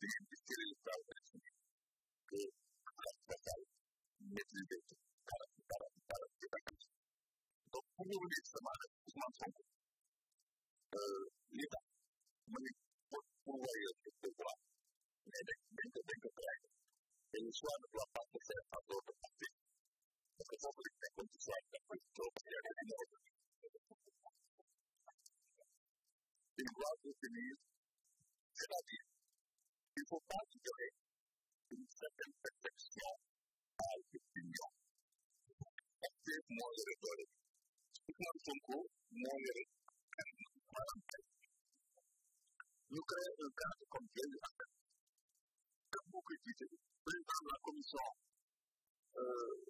diggante ci réew Saalum ak Sénégal te xalaat ba taal maîtrisé ko xalaat bi xalaat bi xalaat bi ba tax donc bu ñu wëlee sama ak Ousmane Sonko li tax ma ne pour pour wari la pour pouvoir mais dañ dañ ko dañ ko traité et le choix ne doit pas se faire par d'autres partis parce que foofu lañ nekkoon ci choix dafa trop yàgg di ñëw il doit soutenir c'est-à-dire faut pas ignorer une certaine perfection à l'opinion. Parce que moi, je rigole. Nous créons un cadre comme Dieu le fait. Comme vous critiquez, la commission euh,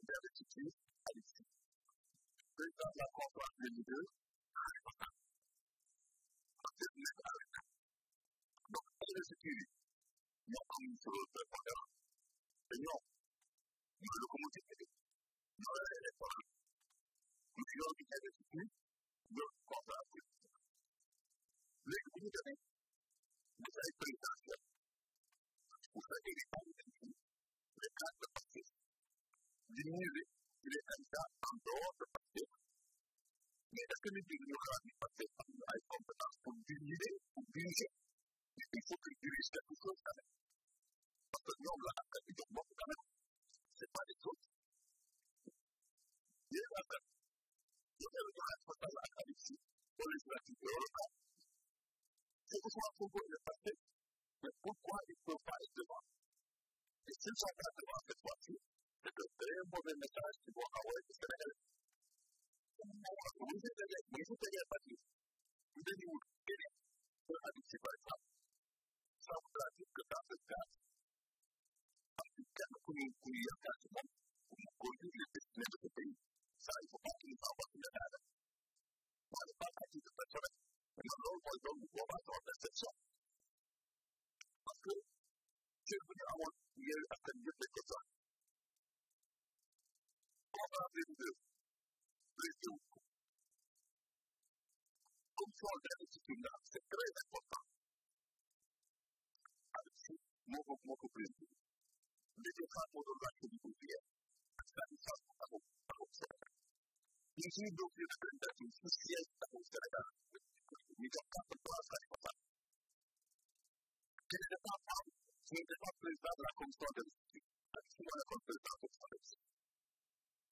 d'agriculture, Alexis, président la conférence 2002, responsable. Parce que vous n'êtes pas avec nous. Donc, on est sécurisé. ñoom ci programme te ñoom ñoo ko mujj a déglu ñoo la leen école ñu ci yoon bi ñu nekk ci biir ñoom contrat bi léegi bu ñu demee ñu ay présidentiel pour la délégation les cadres de parti diminuer les candidats en dehors de parti mais est-ce que nit ñi ñu xalaat ni parce que am na ay compétences pour diriger pour diriger il faut que dirige quelque chose quand même parce que ñoom la askan bi jox bopp c'est pas des choses yéen askan joxe ko et pourquoi il ne pas être et s'il sont pas devant c'est un très mauvais message qui vont envoyer aux Sénégalais bu ñu si tegee bu ñu si tegee parti bu dee ñu wut éli par exemple cyangwa kuyakandamo umugozi ndetse n'agakotayi saa yita pakiri cyangwa se n'agahanda abantu bakakira batora noneho umukozi wo mu kuboko akaba agaseswa bakuru cyangwa kugira ngo yere akagira agakosa amafaranga y'ubururu y'igihugu kumfunda ikigina sekirere na kopa abisi mu kuboko kw'ijuru ndege hapo ndo akilivulia hivyo vinapenda kususia kuhusiana mitakapo kuanza kupata kile kwamba tunaweza kuweza na kumsonga akisema na kumsonga kumsonga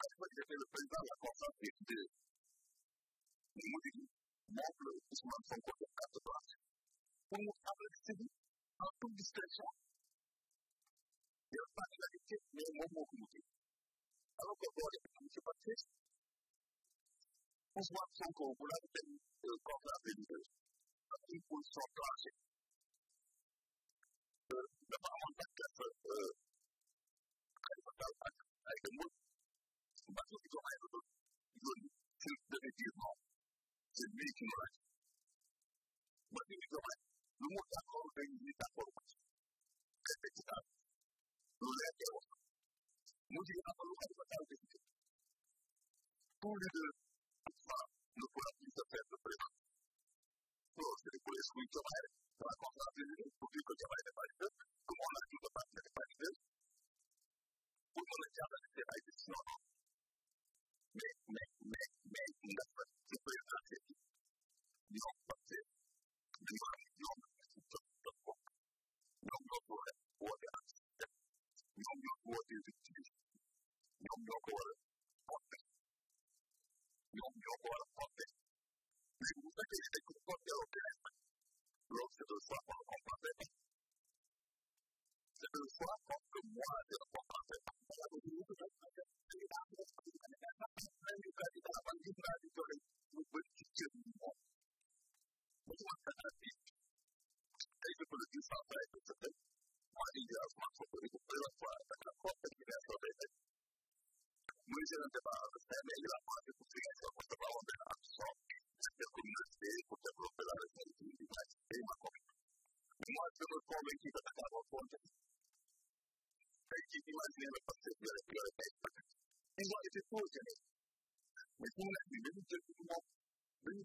akisema ile kuweza na kumsonga kile ni mwili mobile kusimama kwa kato kwa Bunu kabul edildi. Altın diskresyon yow maa ngi lay def mais moom moo ko mujjee alors que boo defee monsieur Patrice Ousmane Sonko bu la benn conférence de leaders ak une position tranchée dafa amoon tànkeef Khalifa Sall ak ay dëmbul parce que ko ay dëmbul loolu je devais dire non c'est lui qui nous reste ba ñu ko may lu mu d'accord dañuy d'accord parce que luletewa mujiri anafaluka ipasaidie kundi de kufa no coração certo prema so se ne puoi scuotere la cosa che il pubblico ti avrebbe fatto come una chiusa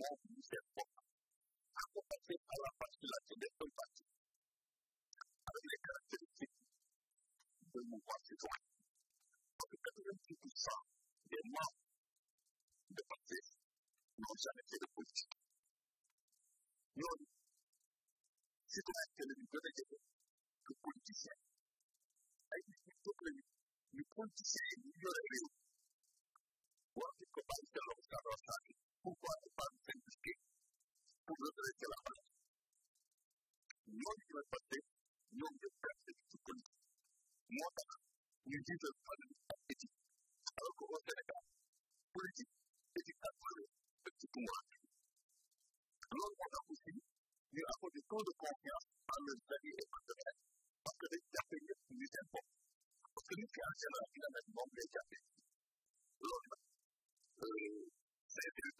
mouvement cette forme, accompagné par la participation des combattants, avec les caractéristiques de mouvement citoyen. Parce que 90% des membres de partis n'ont jamais fait de politique. Non, citoyen que le niveau de que politicien. Avec les plutôt que le politicien est mieux réglé. Ou en tout cas, pas le salon de la pourquoi ne pas nous impliquer pour redresser la balance ñoom ñu la passé ñoom ñu perte ci politique moo tax ñu jiital valeur ak éthique alors que au Sénégal politique éthique ak valeur daf ci pouvoir bi loolu moo tax aussi ñu accordé trop de confiance à leurs amis et partenaires parce que dañ jàppe ñëpp ñu seen bopp parce que nit ki en général dina mel moom ngay jàppe yo mu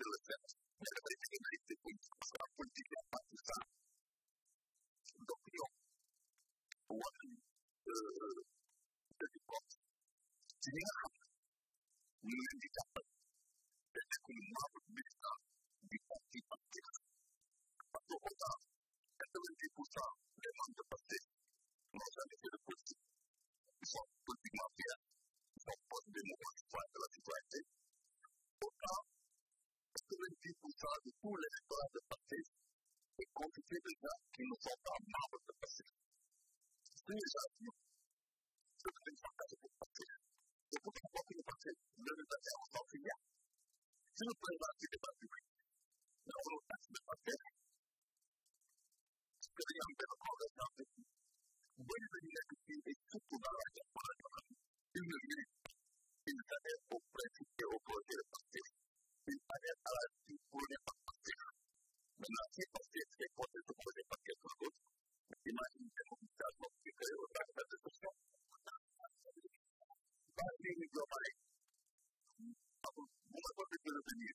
Thank you. Jesus tiene globales. Vamos, no me puedo venir.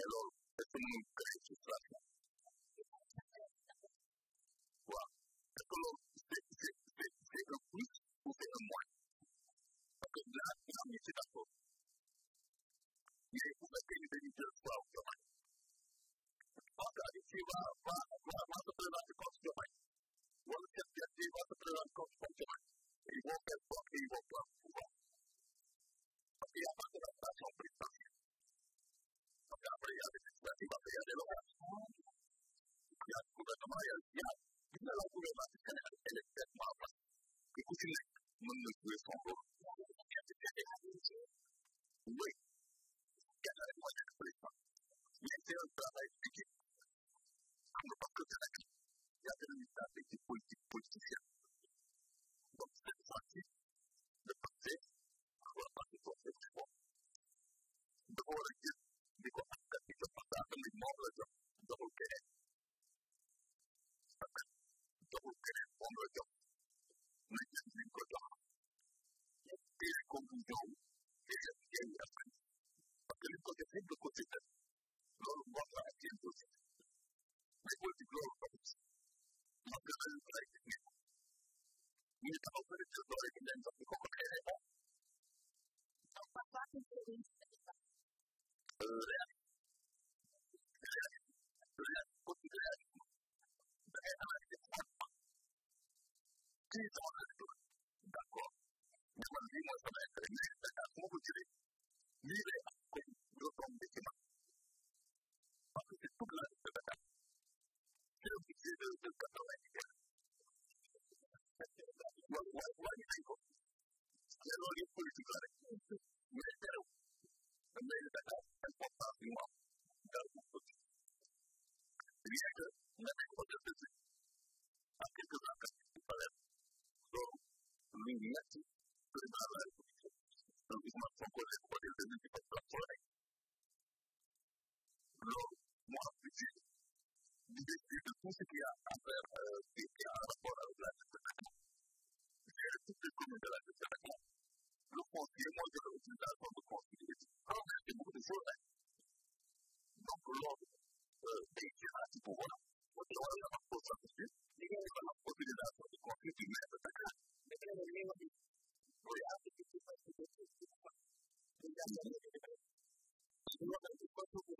melon. It's a new guy belirlenen yani guvernöme ayrılan günler guvernöme genel elektrik muhabbet. Bir kutinle mınlık ve sonlu gerçekten etkileyince bu genel muhabbet kırıklar. Yetkiler beraber peki. Ama bakın yani yatırım istatistik bu ko def lépp ko ci def loolu moo tax ak yéen ko ci mais boo ci loolu ko ci ma ko xel ko lay def nekk ñu taxaw ko def doole gi leen jox ko ko xeere ba réel réel réel ko ci réel da ngay analyser xaalis kii sama xel d' accord mais man lii mooy sama intérêt mais da ko jëlee lii lay comme des humains. Parce que c'est toute la de bataille. C'est l'objectif de, de 90. Wajibiko. Neno lipo litukale. Mwelekezo. Mwelekezo importante mwa dans le monde. Bien que nous n'avons pas de plaisir à quelques enquêtes qui paraissent comme l'union que les malades Donc, ils m'ont fait connaître pour les plaisirs qui peuvent s'en loolu moo am ci de tout qui a à faire qui a rapport avec la gestion de de la gestion de le foncier de foncier bi c'est beaucoup de donc loolu day jëlaat ci pouvoir moo tax war na am constatation li nga war de foncier bi mais c'est ça mais léegi li nga xam mooy application